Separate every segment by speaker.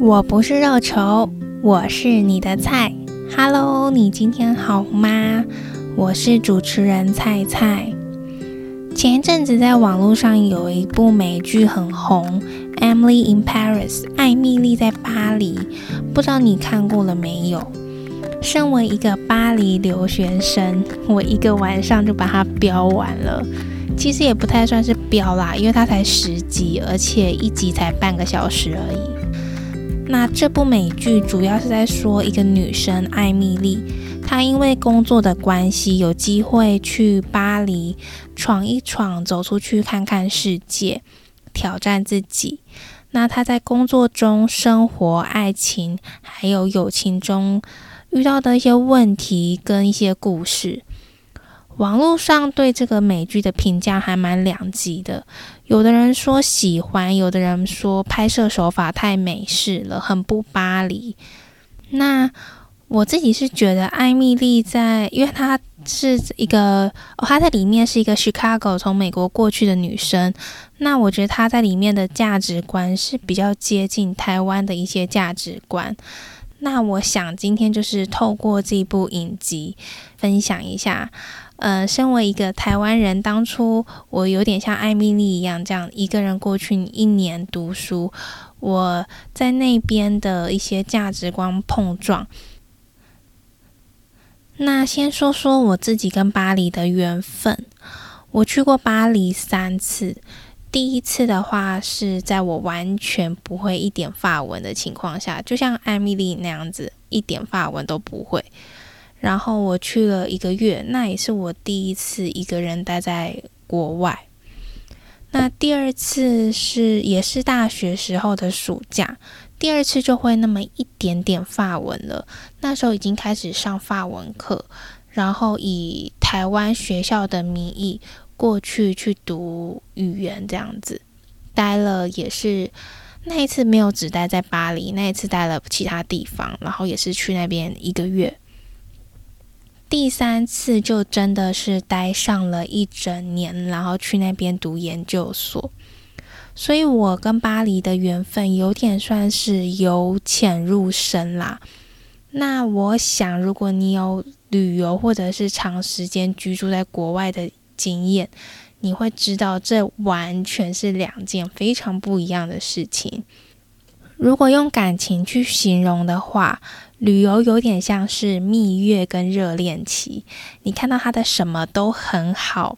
Speaker 1: 我不是肉球，我是你的菜。Hello，你今天好嗎？我是主持人蔡蔡。前陣子在網絡上有一部美劇很紅，《Emily in Paris》艾蜜莉在巴黎，不知道你看過了沒有？身為一個巴黎留學生，我一個晚上就把它飆完了。其實也不太算是飆啦，因為它才十集，而且一集才半個小時而已。那這部美劇主要是在說一個女生艾蜜莉，她因為工作的關係有機會去巴黎闖一闖，走出去看看世界，挑戰自己。那她在工作中、生活、愛情還有友情中遇到的一些問題跟一些故事。網絡上對這個美劇的評價還蠻兩極的，有的人說喜歡，有的人說拍攝手法太美式了，很不巴黎。那我自己是覺得艾蜜莉在，因為她是一個，哦，她在裡面是一個 Chicago 從美國過去的女生，那我覺得她在裡面的價值觀是比較接近台灣的一些價值觀。那我想今天就是透過這部影集分享一下。呃，身為一個台灣人，當初我有點像艾蜜莉一樣，這樣一個人過去一年讀書，我在那邊的一些價值觀碰撞。那先說說我自己跟巴黎的緣分。我去過巴黎三次，第一次的話是在我完全不會一點法文的情況下，就像艾蜜莉那樣子，一點法文都不會。然後我去了一個月，那也是我第一次一個人待在國外。那第二次是也是大學時候的暑假，第二次就會那麼一點點法文了。那時候已經開始上法文課，然後以台灣學校的名義過去，過去讀語言，這樣子待了。也是那一次沒有只待在巴黎，那一次待了其他地方，然後也是去那邊一個月。第三次就真的是待上了一整年，然後去那邊讀研究所。所以，我跟巴黎的緣分有點算是由淺入深啦。那我想，如果你有旅遊或者是長時間居住在國外的經驗，你會知道這完全是兩件非常不一樣的事情。如果用感情去形容的話，旅遊有點像是蜜月跟熱戀期。你看到他的什麼都很好，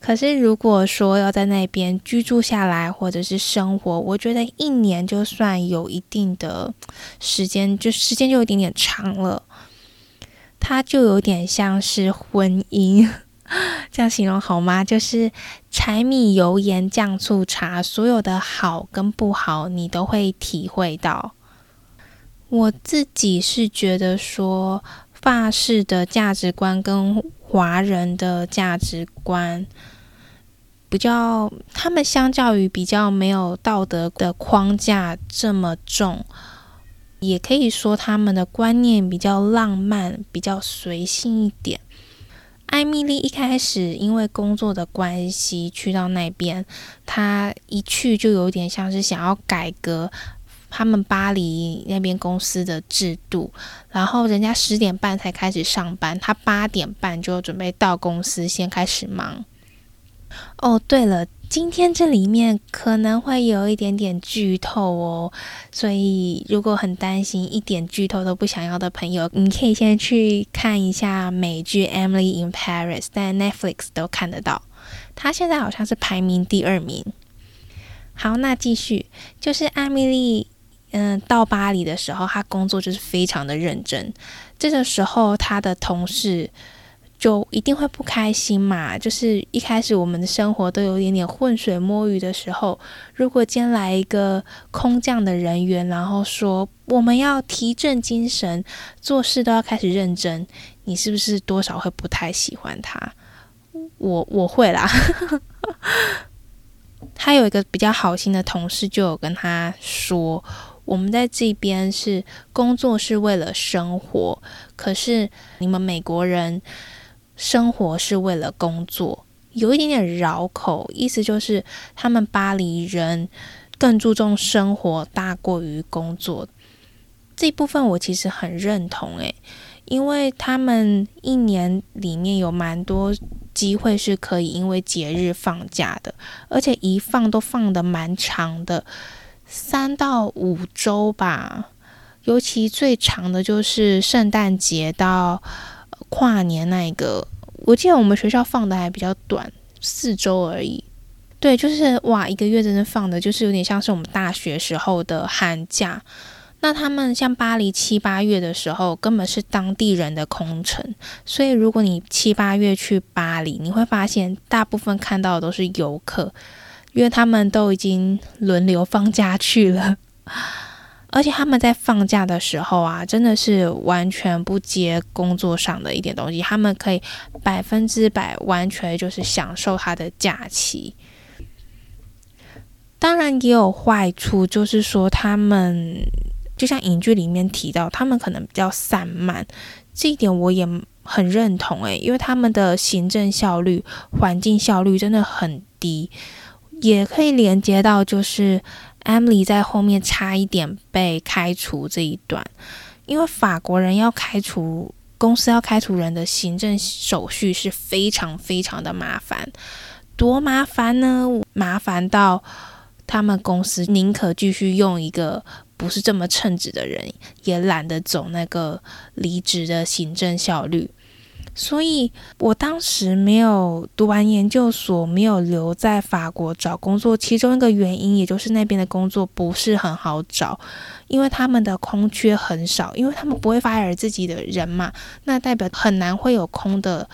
Speaker 1: 可是如果說要在那邊居住下來或者是生活，我覺得一年就算有一定的時間，就時間就有點點長了，他就有點像是婚姻。這樣形容好嗎？就是柴米油鹽醬醋茶，所有的好跟不好，你都會體會到。我自己是覺得說，法式的價值觀跟華人的價值觀比較，他們相較於比較沒有道德的框架這麼重，也可以說他們的觀念比較浪漫，比較隨性一點。艾蜜莉一開始因為工作的關係去到那邊，她一去就有點像是想要改革他們巴黎那邊公司的制度，然後人家十點半才開始上班，她八點半就準備到公司先開始忙。哦，對了。今天這裡面可能會有一點點劇透哦，所以如果很擔心一點劇透都不想要的朋友，你可以先去看一下美劇《Emily in Paris》，在 Netflix 都看得到。他現在好像是排名第二名。好，那繼續，就是艾蜜莉，嗯，到巴黎的時候，她工作就是非常的認真。這個時候，她的同事。就一定會不開心嘛？就是一開始我們的生活都有點點渾水摸魚的時候，如果今天來一個空降的人員，然後說我們要提振精神，做事都要開始認真，你是不是多少會不太喜歡他？我我會啦。 他有一個比較好心的同事就有跟他說，我們在這邊是工作是為了生活，可是你們美國人。生活是為了工作，有一點點繞口，意思就是他們巴黎人更注重生活大過於工作。這一部分我其實很認同欸，因為他們一年裡面有蠻多機會是可以因為節日放假的，而且一放都放得蠻長的，三到五週吧，尤其最長的就是聖誕節到跨年那一個，我記得我們學校放的還比較短，四周而已。對，就是哇，一個月真的放的，就是有點像是我們大學時候的寒假。那他們像巴黎七八月的時候，根本是當地人的空城。所以如果你七八月去巴黎，你會發現大部分看到的都是遊客，因為他們都已經輪流放假去了。而且他們在放假的時候啊，真的是完全不接工作上的一點東西，他們可以百分之百完全就是享受他的假期。當然也有壞處，就是說他們就像影劇裡面提到，他們可能比較散漫，這一點我也很認同哎、欸，因為他們的行政效率、環境效率真的很低，也可以連接到就是。Emily 在後面差一點被開除這一段，因為法國人要開除，公司要開除人的行政手續是非常非常的麻煩，多麻煩呢？麻煩到他們公司寧可繼續用一個不是這麼稱職的人，也懶得走那個離職的行政效率。所以，我當時沒有讀完研究所，沒有留在法國找工作。其中一個原因，也就是那邊的工作不是很好找，因為他們的空缺很少，因為他們不會 fire 自己的人嘛，那代表很難會有空的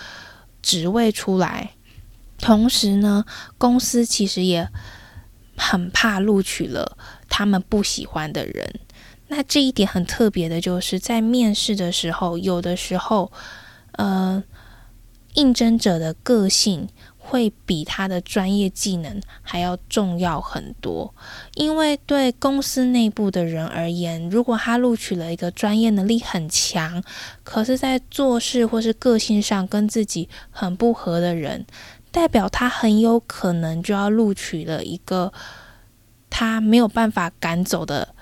Speaker 1: 職位出來。同時呢，公司其實也很怕錄取了他們不喜歡的人。那這一點很特別的，就是在面試的時候，有的時候。呃，應徵者的個性會比他的專業技能還要重要很多，因為對公司內部的人而言，如果他錄取了一個專業能力很強，可是，在做事或是個性上跟自己很不合的人，代表他很有可能就要錄取了一個他沒有辦法趕走的。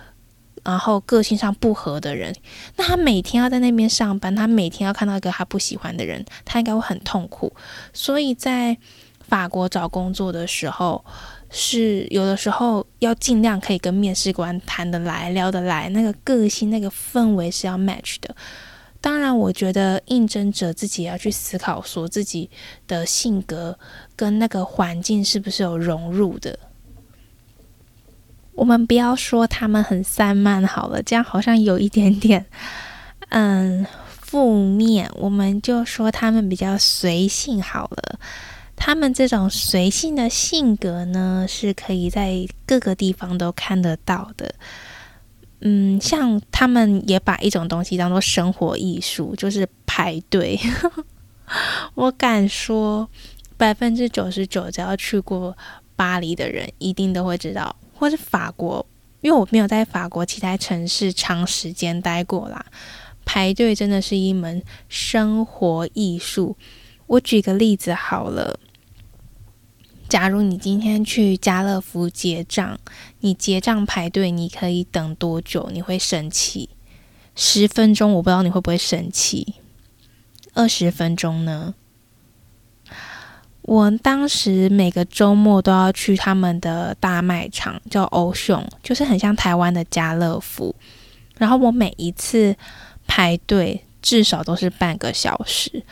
Speaker 1: 然後個性上不合的人，那他每天要在那邊上班，他每天要看到一個他不喜歡的人，他應該會很痛苦。所以在法國找工作的時候，是有的時候要盡量可以跟面試官談得來、聊得來，那個個性、那個氛圍是要 match 的。當然，我覺得應徵者自己要去思考，說自己的性格跟那個環境是不是有融入的。我們不要說他們很散漫好了，這樣好像有一點點嗯負面。我們就說他們比較隨性好了。他們這種隨性的性格呢，是可以在各個地方都看得到的。嗯，像他們也把一種東西當做生活藝術，就是排隊。 我敢說，百分之九十九只要去過巴黎的人，一定都會知道。或是法國，因為我沒有在法國其他城市長時間待過啦，排隊真的是一門生活藝術。我舉個例子好了，假如你今天去家樂福結賬，你結賬排隊，你可以等多久？你會生氣？十分鐘，我不知道你會不會生氣？二十分鐘呢？我當時每個周末都要去他們的大賣場，叫歐尚，就是很像台灣的家樂福。然後我每一次排隊至少都是半個小時。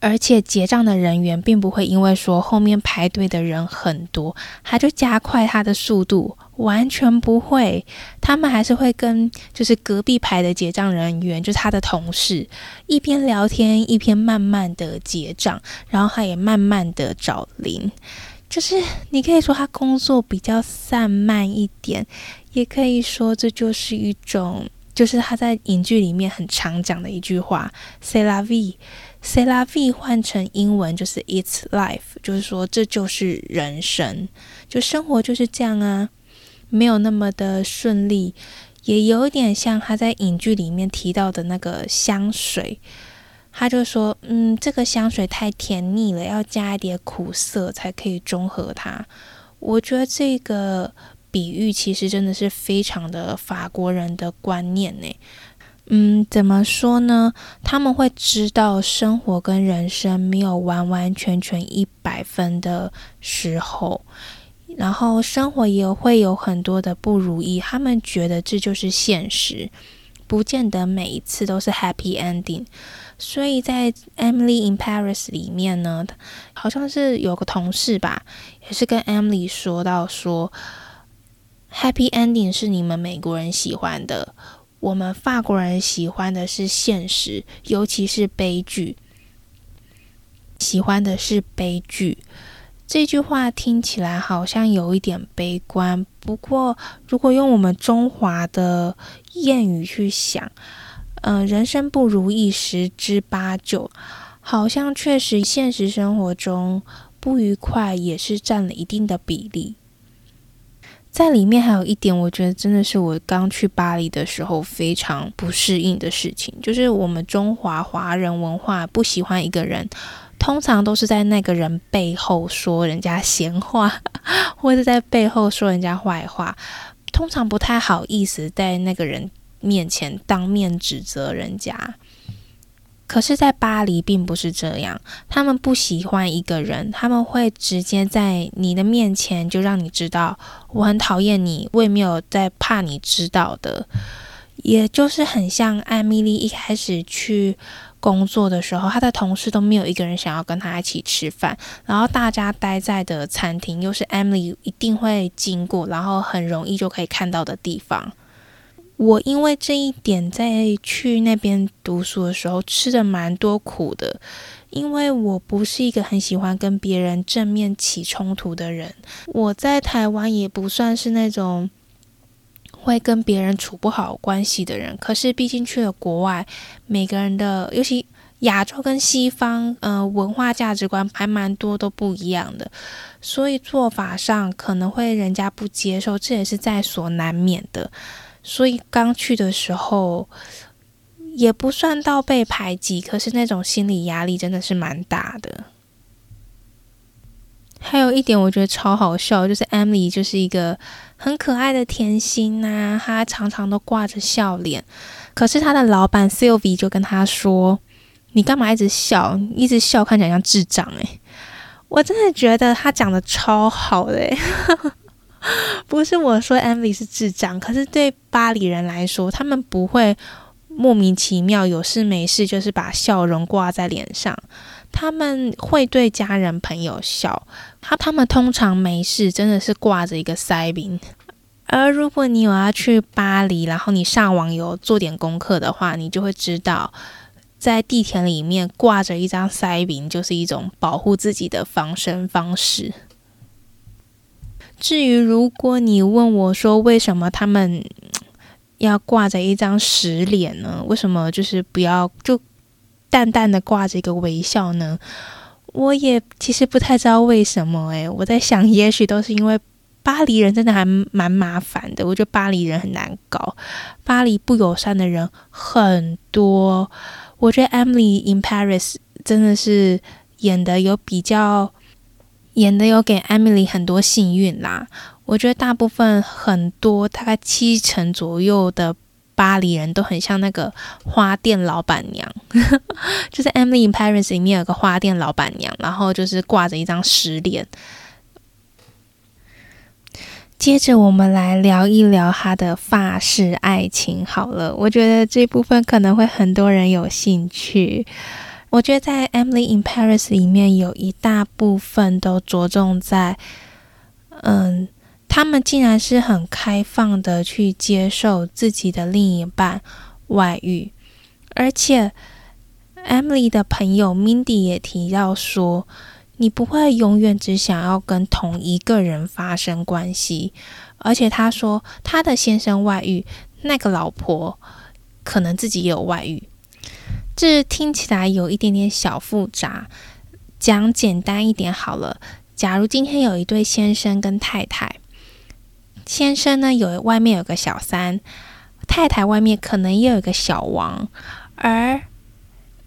Speaker 1: 而且結賬的人員並不會因為說後面排隊的人很多，他就加快他的速度，完全不會。他們還是會跟就是隔壁排的結賬人員，就是他的同事，一邊聊天一邊慢慢的結賬，然後他也慢慢的找零。就是你可以說他工作比較散漫一點，也可以說這就是一種。就是他在影劇裡面很常講的一句話，"C'est la vie，C'est la vie"，換成英文就是 "It's life"，就是說這就是人生，就生活就是這樣啊，沒有那麼的順利，也有點像他在影劇裡面提到的那個香水，他就說，嗯，這個香水太甜膩了，要加一點苦澀才可以中和它。我覺得這個。比喻其實真的是非常的法國人的觀念呢。嗯，怎麼說呢？他們會知道生活跟人生沒有完完全全一百分的時候，然後生活也會有很多的不如意。他們覺得這就是現實，不見得每一次都是 happy ending。所以在 Emily in Paris 裡面呢，好像是有個同事吧，也是跟 Emily 說到說。Happy ending 是你們美國人喜歡的，我們法國人喜歡的是現實，尤其是悲劇。喜歡的是悲劇，這句話聽起來好像有一點悲觀。不過，如果用我們中華的諺語去想，嗯、呃，人生不如意十之八九，好像確實現實生活中不愉快也是佔了一定的比例。在裡面還有一點，我覺得真的是我剛去巴黎的時候非常不適應的事情，就是我們中華華人文化不喜歡一個人，通常都是在那個人背後說人家閒話，或者在背後說人家壞話，通常不太好意思在那個人面前當面指責人家。可是，在巴黎並不是這樣。他們不喜歡一個人，他們會直接在你的面前就讓你知道我很討厭你，我也沒有在怕你知道的。也就是很像艾蜜莉一開始去工作的時候，她的同事都沒有一個人想要跟她一起吃飯，然後大家待在的餐廳又是艾蜜莉一定會經過，然後很容易就可以看到的地方。我因為這一點，在去那邊讀書的時候，吃得蠻多苦的。因為我不是一個很喜歡跟別人正面起衝突的人，我在台灣也不算是那種會跟別人處不好關係的人。可是，畢竟去了國外，每個人的，尤其亞洲跟西方，呃，文化價值觀還蠻多都不一樣的，所以做法上可能會人家不接受，這也是在所難免的。所以剛去的時候，也不算到被排擠，可是那種心理壓力真的是蠻大的。還有一點我覺得超好笑，就是 Emily 就是一個很可愛的甜心吶、啊，她常常都掛着笑臉。可是她的老板 Sylvie 就跟她說：“你幹嘛一直笑？一直笑，看起來像智障哎、欸！”我真的覺得她講的超好的、欸。 不是我說 Emily 是智障。可是對巴黎人來說，他們不會莫名其妙有事沒事就是把笑容掛在臉上。他們會對家人朋友笑，他他們通常沒事，真的是掛着一個塞餅。而如果你有要去巴黎，然後你上網有做點功課的話，你就會知道，在地鐵裡面掛着一張塞餅，就是一種保護自己的防身方式。至於如果你問我說為什麼他們要掛着一張死臉？呢？為什麼就是不要就淡淡的掛着一個微笑呢？我也其實不太知道為什麼誒、哎，我在想，也許都是因為巴黎人真的還蠻麻煩的。我覺得巴黎人很難搞，巴黎不友善的人很多。我覺得《Emily in Paris》真的是演的有比較。演的有給 Emily 很多幸運啦，我覺得大部分很多大概七成左右的巴黎人都很像那個花店老闆娘， 就是 Emily in Paris 裡面有個花店老闆娘，然後就是掛着一張屎臉。接着我們來聊一聊她的法式愛情好了，我覺得這部分可能會很多人有興趣。我覺得在《Emily in Paris》裡面有一大部分都着重在，嗯，他們竟然是很開放的去接受自己的另一半外遇，而且 Emily 的朋友 Mindy 也提到說，你不會永遠只想要跟同一個人發生關係，而且她說她的先生外遇，那個老婆可能自己也有外遇。這聽起來有一點點小複雜，講簡單一點好了。假如今天有一對先生跟太太，先生呢，有外面有個小三，太太外面可能也有一個小王，而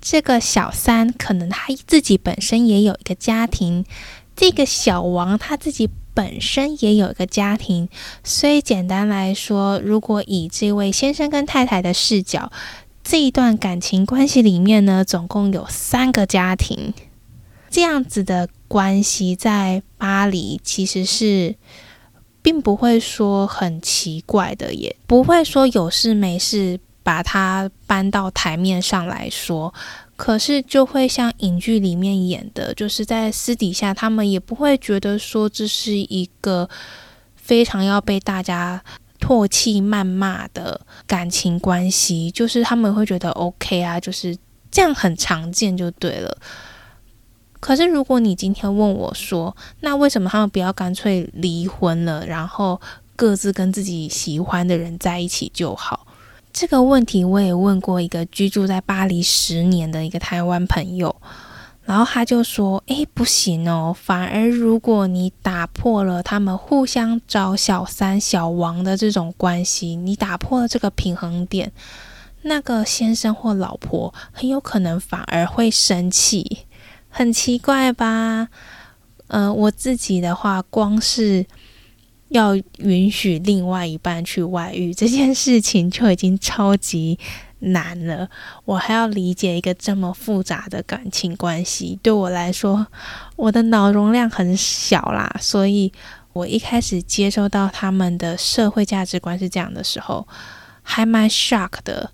Speaker 1: 這個小三可能他自己本身也有一個家庭，這個小王他自己本身也有一個家庭。所以簡單來說，如果以這位先生跟太太的視角。這一段感情關係裡面呢，總共有三個家庭。這樣子的關係在巴黎其實是並不會說很奇怪的，也不會說有事沒事把它搬到台面上來說，可是就會像影劇裡面演的，就是在私底下他們也不會覺得說這是一個非常要被大家。唾棄、謾罵的感情關係，就是他們會覺得 OK 啊，就是這樣很常見就對了。可是如果你今天問我說，那為什麼他們不要乾脆離婚了，然後各自跟自己喜歡的人在一起就好？這個問題我也問過一個居住在巴黎十年的一個台灣朋友。然後他就說：“誒，不行哦！反而如果你打破了他們互相找小三、小王的這種關係，你打破了這個平衡點，那個先生或老婆很有可能反而會生氣。很奇怪吧？嗯、呃，我自己的話，光是要允許另外一半去外遇這件事情，就已經超級……”難了，我還要理解一個這麼複雜的感情關係，對我來說，我的腦容量很小啦，所以我一開始接受到他們的社會價值觀是這樣的時候，還蠻 shock 的。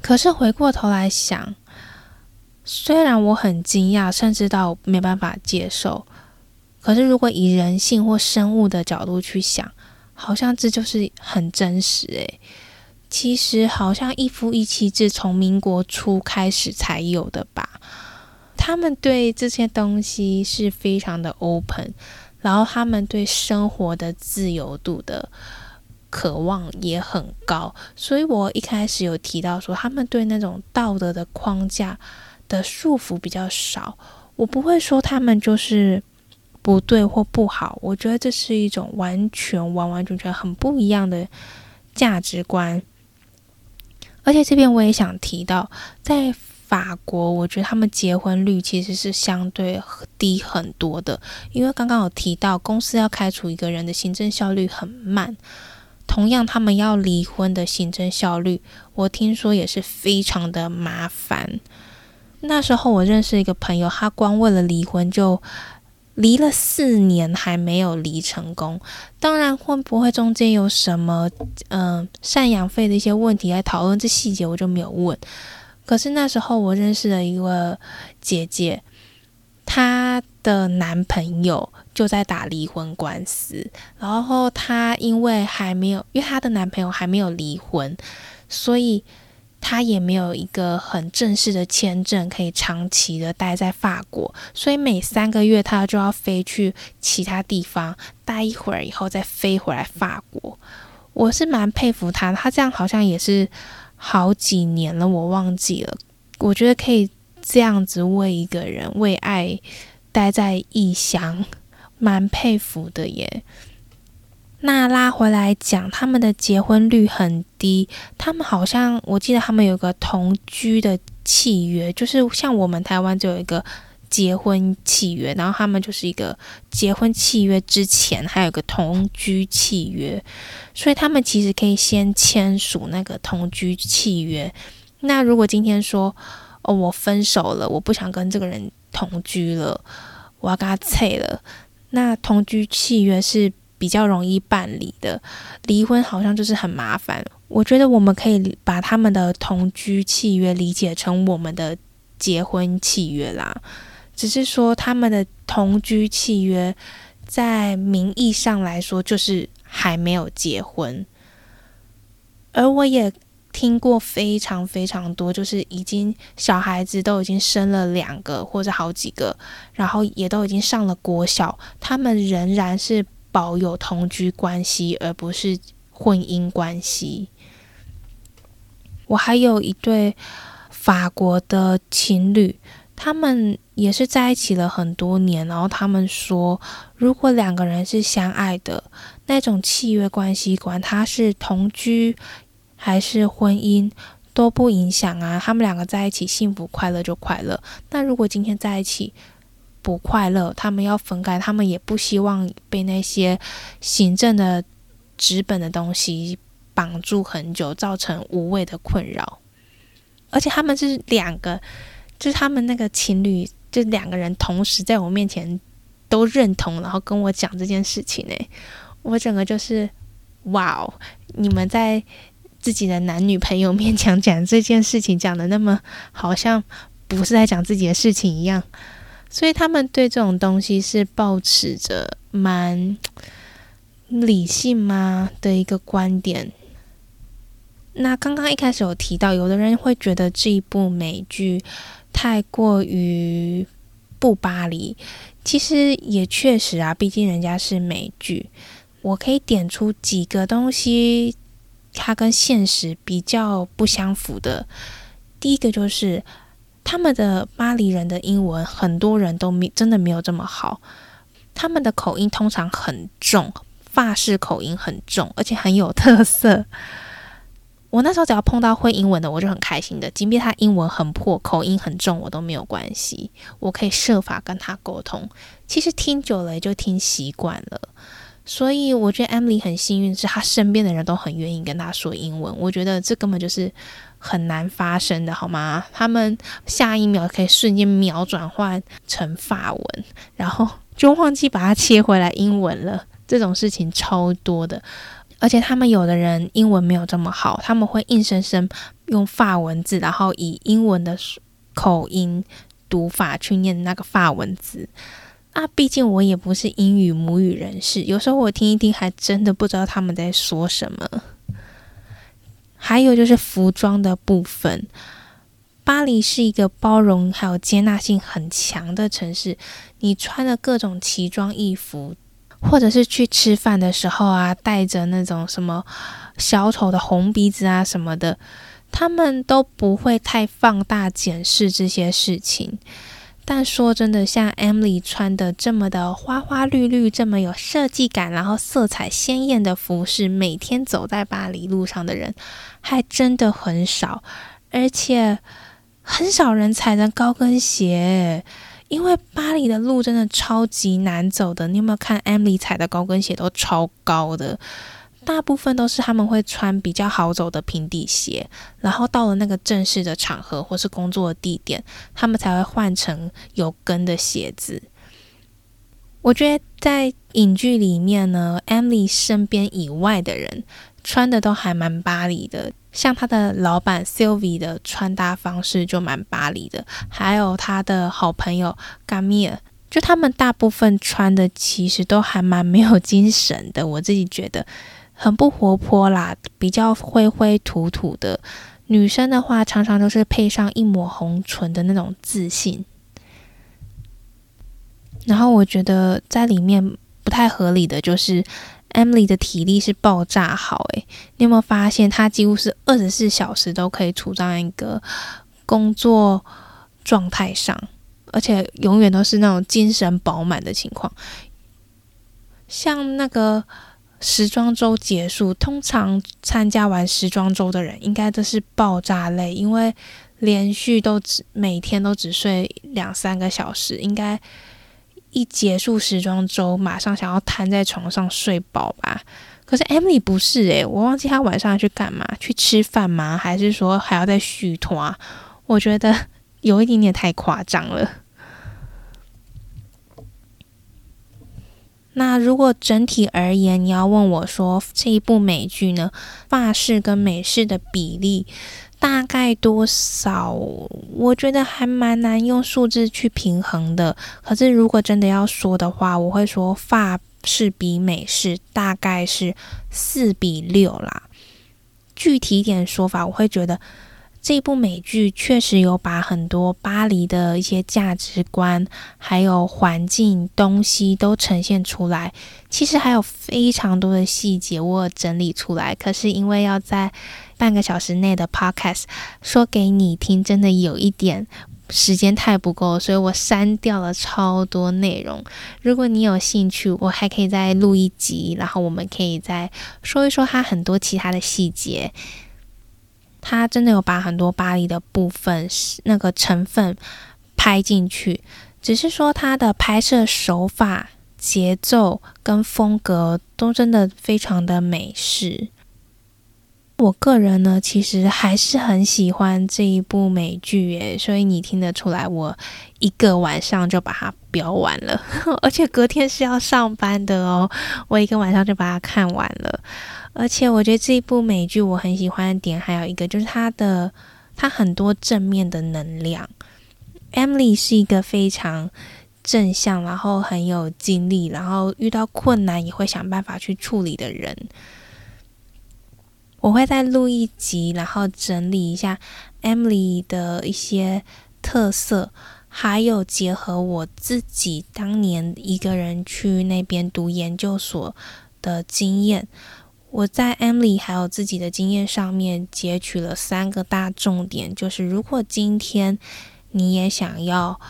Speaker 1: 可是回過頭來想，雖然我很驚訝，甚至到沒辦法接受，可是如果以人性或生物的角度去想，好像這就是很真實誒、欸。其實好像一夫一妻制從民國初開始才有的吧。他們對這些東西是非常的 open，然後他們對生活的自由度的渴望也很高。所以我一開始有提到說，他們對那種道德的框架的束縛比較少。我不會說他們就是不對或不好。我覺得這是一種完全完完全全很不一樣的價值觀。而且這邊我也想提到，在法國，我覺得他們結婚率其實是相對低很多的。因為剛剛有提到，公司要開除一個人的行政效率很慢，同樣他們要離婚的行政效率，我聽說也是非常的麻煩。那時候我認識一個朋友，他光為了離婚就離了四年還沒有離成功，當然會不會中間有什麼嗯、呃、贍養費的一些問題來討論這細節，我就沒有問。可是那時候我認識了一個姐姐，她的男朋友就在打離婚官司，然後她因為還沒有，因為她的男朋友還沒有離婚，所以。他也沒有一個很正式的簽證可以長期的待在法國，所以每三個月他就要飛去其他地方待一會兒，以後再飛回來法國。我是蠻佩服他，他這樣好像也是好幾年了，我忘記了。我覺得可以這樣子為一個人為愛待在異鄉，蠻佩服的耶。那拉回來講，他們的結婚率很低。他們好像我記得他們有個同居的契約，就是像我們台灣就有一個結婚契約，然後他們就是一個結婚契約之前還有一個同居契約，所以他們其實可以先簽署那個同居契約。那如果今天說哦我分手了，我不想跟這個人同居了，我要跟他了，那同居契約是。比較容易辦理的離婚好像就是很麻煩。我覺得我們可以把他們的同居契約理解成我們的結婚契約啦，只是說他們的同居契約在名義上來說就是還沒有結婚。而我也聽過非常非常多，就是已經小孩子都已經生了兩個或者好幾個，然後也都已經上了國小，他們仍然是。保有同居關係，而不是婚姻關係。我還有一對法國的情侶，他們也是在一起了很多年。然後他們說，如果兩個人是相愛的，那種契約關係，管他是同居還是婚姻，都不影響啊。他們兩個在一起幸福快樂就快樂。那如果今天在一起，不快樂，他們要分開，他們也不希望被那些行政的、紙本的東西綁住很久，造成無謂的困擾。而且他們是兩個，就是他們那個情侶，就兩個人同時在我面前都認同，然後跟我講這件事情呢、欸。我整個就是哇、哦，你們在自己的男女朋友面前講這件事情，講得那麼好像不是在講自己的事情一樣。所以他們對這種東西是抱持着蠻理性嗎的一個觀點？那剛剛一開始有提到，有的人會覺得這一部美劇太過於不巴黎，其實也確實啊，畢竟人家是美劇。我可以點出幾個東西，它跟現實比較不相符的。第一個就是，他們的巴黎人的英文很多人都沒真的沒有這麼好，他們的口音通常很重，法式口音很重，而且很有特色。我那時候只要碰到會英文的，我就很開心的，即便他英文很破，口音很重，我都沒有關係，我可以設法跟他溝通。其實聽久了也就聽習慣了，所以我覺得 Emily 很幸運，是他身邊的人都很願意跟他說英文。我覺得這根本就是。很難發生的好嗎？他們下一秒可以瞬間秒轉換成法文，然後就忘記把它切回來英文了。這種事情超多的，而且他們有的人英文沒有這麼好，他們會硬生生用法文字，然後以英文的口音讀法去念那個法文字。啊，畢竟我也不是英語母語人士，有時候我聽一聽，還真的不知道他們在說什麼。還有就是服裝的部分，巴黎是一個包容還有接納性很強的城市。你穿了各種奇裝異服，或者是去吃飯的時候啊，帶着那種什麼小丑的紅鼻子啊什麼的，他們都不會太放大檢視這些事情。但說真的，像 Emily 穿的這麼的花花綠綠、這麼有設計感，然後色彩鮮艷的服飾，每天走在巴黎路上的人還真的很少，而且很少人踩着高跟鞋，因為巴黎的路真的超級難走的。你有沒有看 Emily 踩的高跟鞋都超高的？大部分都是他們會穿比較好走的平底鞋，然後到了那個正式的場合或是工作的地點，他們才會換成有跟的鞋子。我覺得在影劇裡面呢，Emily 身邊以外的人穿的都還蠻巴黎的，像他的老闆 Sylvie 的穿搭方式就蠻巴黎的，還有他的好朋友 Gabriel，就他們大部分穿的其實都還蠻沒有精神的，我自己覺得。很不活潑啦，比較灰灰土土的。女生的話，常常都是配上一抹紅唇的那種自信。然後我覺得在裡面不太合理的，就是 Emily 的體力是爆炸好誒、欸。你有沒有發現她幾乎是二十四小時都可以處在一個工作狀態上，而且永遠都是那種精神飽滿的情況，像那個。時裝週結束，通常參加完時裝週的人應該都是爆炸累，因為連續都只每天都只睡兩三個小時，應該一結束時裝週馬上想要癱在床上睡飽吧。可是 Emily 不是誒、欸，我忘記她晚上要去幹嘛？去吃飯嗎？還是說還要再續團？我覺得有一點點太誇張了。那如果整體而言，你要問我說這一部美劇呢，法式跟美式的比例大概多少？我覺得還蠻難用數字去平衡的。可是如果真的要說的話，我會說法式比美式大概是四比六啦。具體一點說法，我會覺得。這部美劇確實有把很多巴黎的一些價值觀，還有環境東西都呈現出來。其實還有非常多的細節我整理出來，可是因為要在半個小時內的 podcast 說給你聽，真的有一點時間太不夠，所以我刪掉了超多內容。如果你有興趣，我還可以再錄一集，然後我們可以再說一說它很多其他的細節。他真的有把很多巴黎的部分那個成分拍進去，只是說他的拍攝手法、節奏跟風格都真的非常的美式。我個人呢，其實還是很喜歡這一部美劇耶，所以你聽得出來，我一個晚上就把它飆完了， 而且隔天是要上班的哦，我一個晚上就把它看完了。而且我覺得這一部美劇我很喜歡的點還有一個，就是它的，它很多正面的能量。Emily 是一個非常正向，然後很有精力，然後遇到困難也會想辦法去處理的人。我會再錄一集，然後整理一下 Emily 的一些特色，還有結合我自己當年一個人去那邊讀研究所的經驗。我在 Emily 還有自己的經驗上面截取了三個大重點，就是如果今天你也想要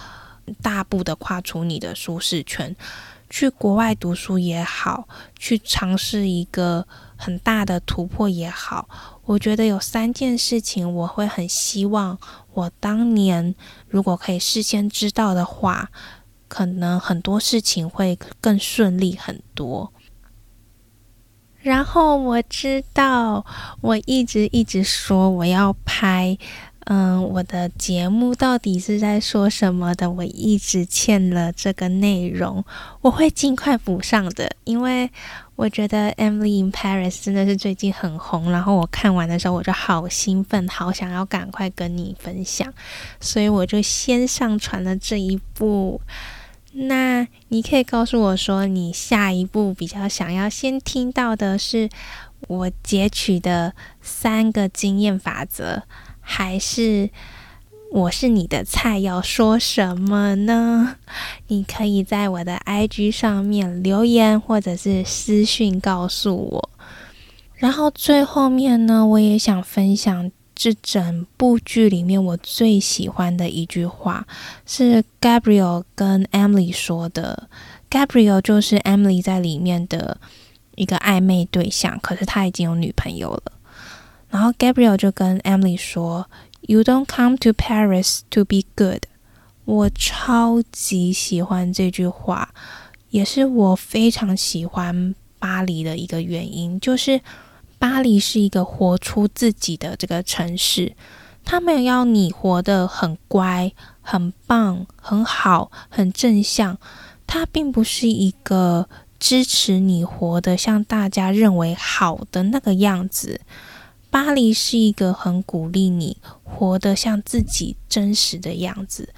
Speaker 1: 大步的跨出你的舒適圈，去國外讀書也好，去嘗試一個很大的突破也好，我覺得有三件事情我會很希望，我當年如果可以事先知道的話，可能很多事情會更順利很多。然後我知道，我一直一直說我要拍，嗯，我的節目到底是在說什麼的？我一直欠了這個內容，我會儘快補上的。因為我覺得《Emily in Paris》真的是最近很紅，然後我看完的時候我就好興奮，好想要趕快跟你分享，所以我就先上傳了這一部。那你可以告訴我說，你下一步比較想要先聽到的是我截取的三個經驗法則，還是我是你的蔡要說什麼呢？你可以在我的 IG 上面留言，或者是私訊告訴我。然後最後面呢，我也想分享。是整部劇裡面我最喜歡的一句話，是 Gabriel 跟 Emily 說的。Gabriel 就是 Emily 在裡面的一個曖昧對象，可是他已經有女朋友了。然後 Gabriel 就跟 Emily 說：“You don't come to Paris to be good.” 我超級喜歡這句話，也是我非常喜歡巴黎的一個原因，就是。巴黎是一個活出自己的這個城市，他沒有要你活得很乖、很棒、很好、很正向，他並不是一個支持你活得像大家認為好的那個樣子。巴黎是一個很鼓勵你活得像自己真實的樣子。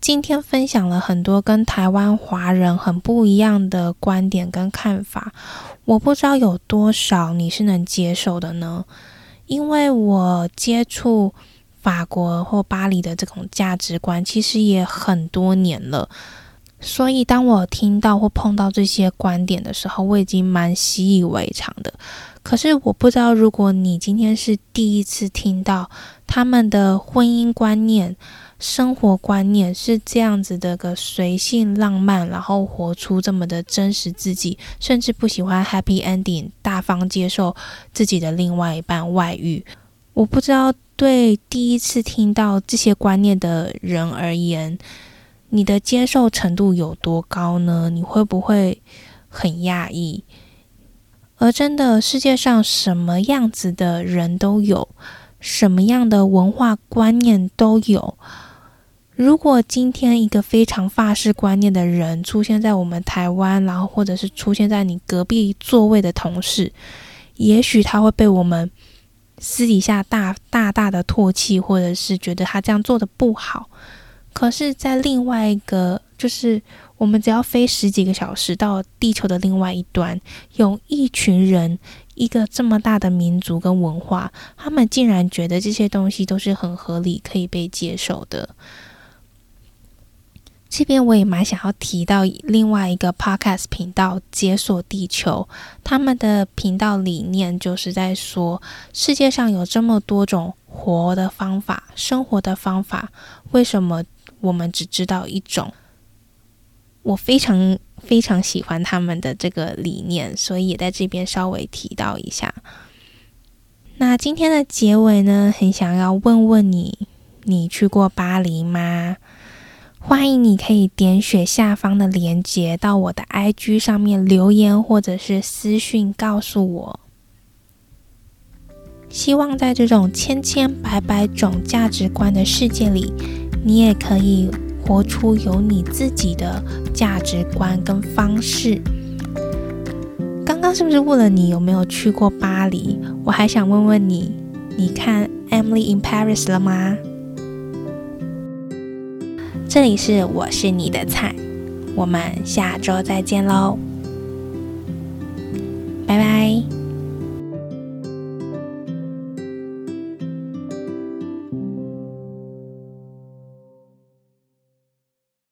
Speaker 1: 今天分享了很多跟台灣華人很不一樣的觀點跟看法，我不知道有多少你是能接受的呢？因為我接觸法國或巴黎的這種價值觀其實也很多年了，所以當我聽到或碰到這些觀點的時候，我已經蠻習以為常的。可是我不知道，如果你今天是第一次聽到他們的婚姻觀念，生活觀念是這樣子的，個隨性浪漫，然後活出這麼的真實自己，甚至不喜歡 happy ending，大方接受自己的另外一半外遇。我不知道對第一次聽到這些觀念的人而言，你的接受程度有多高呢？你會不會很訝異？而真的，世界上什麼樣子的人都有，什麼樣的文化觀念都有。如果今天一個非常法式觀念的人出現在我們台灣，然後或者是出現在你隔壁座位的同事，也許他會被我們私底下大大大的唾棄，或者是覺得他這樣做的不好。可是，在另外一個，就是我們只要飛十幾個小時到地球的另外一端，有一群人，一個這麼大的民族跟文化，他們竟然覺得這些東西都是很合理、可以被接受的。這邊我也蠻想要提到另外一個 podcast 頻道《解鎖地球》，他們的頻道理念就是在說世界上有這麼多種活的方法、生活的方法，為什麼我們只知道一種？我非常非常喜歡他們的這個理念，所以也在這邊稍微提到一下。那今天的結尾呢，很想要問問你：你去過巴黎嗎？歡迎，你可以點選下方的鏈接到我的 IG 上面留言，或者是私訊告訴我。希望在這種千千百百種價值觀的世界裡，你也可以活出有你自己的價值觀跟方式。剛剛是不是問了你有沒有去過巴黎？我還想問問你，你看《Emily in Paris》了嗎？這裡是我是你的蔡，我們下週再見嘍，拜拜。